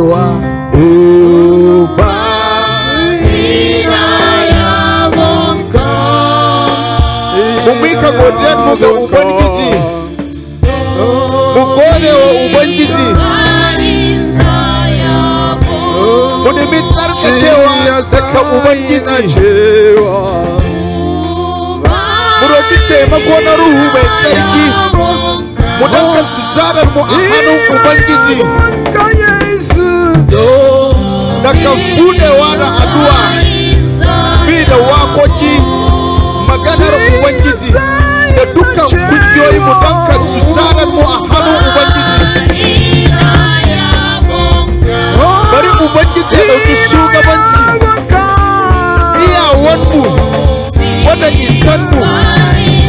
you are. Uba Ubika godiya muka ubangiji. Mu gode wa ubangiji. Mu nemi tsarkakewa daga ubangiji. Mu roki taimako na ruhu mai tsarki. Mu danka sujadar mu ubangiji. daga budewa da addu'a bi da wakoki maganar ubangiji da dukkan kungiyoyi danka su mu a hannun ubangiji bari ubangiji ya dauki shugabanci iyawanmu wanda isanmu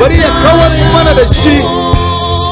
bari ya kawas mana da shi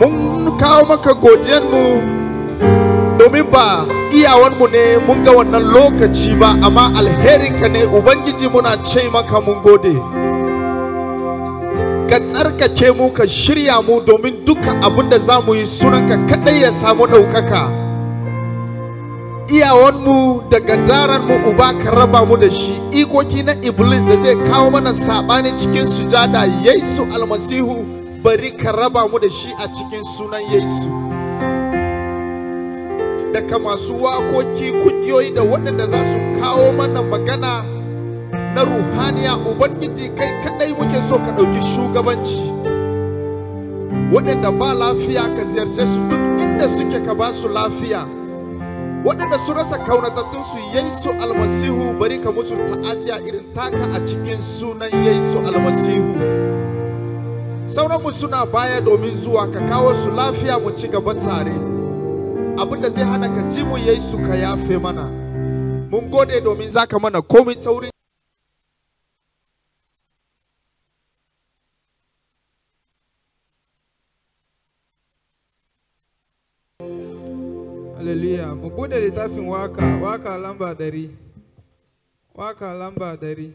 mun kawo maka godiyan mu domin ba mu ne mun ga wannan lokaci ba amma alherinka ne ubangiji muna ce maka mun gode ka tsarkake mu ka shirya mu domin duka abin da za mu yi sunanka kaɗai ya samu ɗaukaka iyawanmu da mu uba ka raba mu da shi ikoki na iblis da zai kawo mana saɓani cikin sujada yesu almasihu bari ka raba mu da shi a cikin sunan Yesu daga masu wakoki kungiyoyi da waɗanda za su kawo mana magana na ruhaniya ubangiji kai kadai muke so ka ɗauki shugabanci waɗanda ba lafiya ka ziyarce su duk inda suke ka ba su lafiya waɗanda su rasa kaunatattunsu yesu almasihu bari ka musu ta'aziya irin taka a cikin sunan yesu almasihu sauranmu suna baya domin zuwa ka kawo su lafiya mu ci gaba tare abinda zai hana ka ji mu yayi su ka yafe mana mun gode domin zaka mana komai tsaurin Hallelujah. Mu bude littafin waka, waka lamba dari. Waka lamba dari.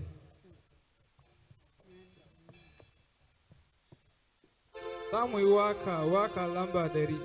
Come we waka, uh, waka lamba deri.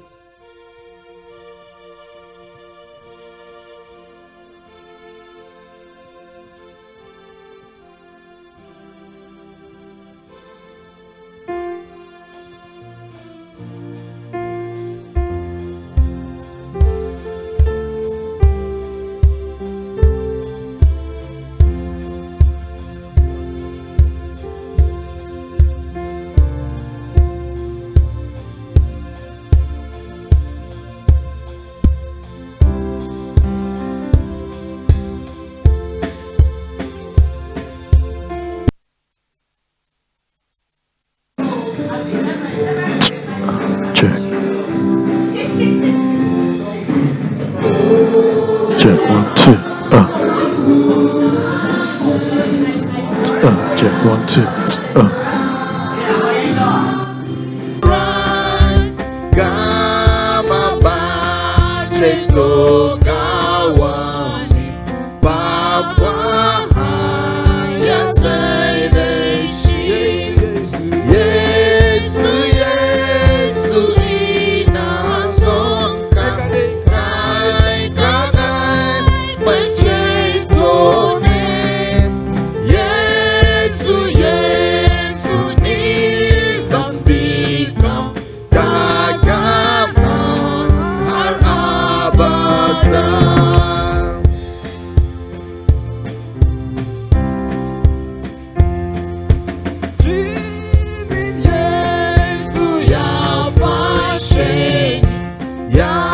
check one two uh. Uh, check one two uh. Yeah.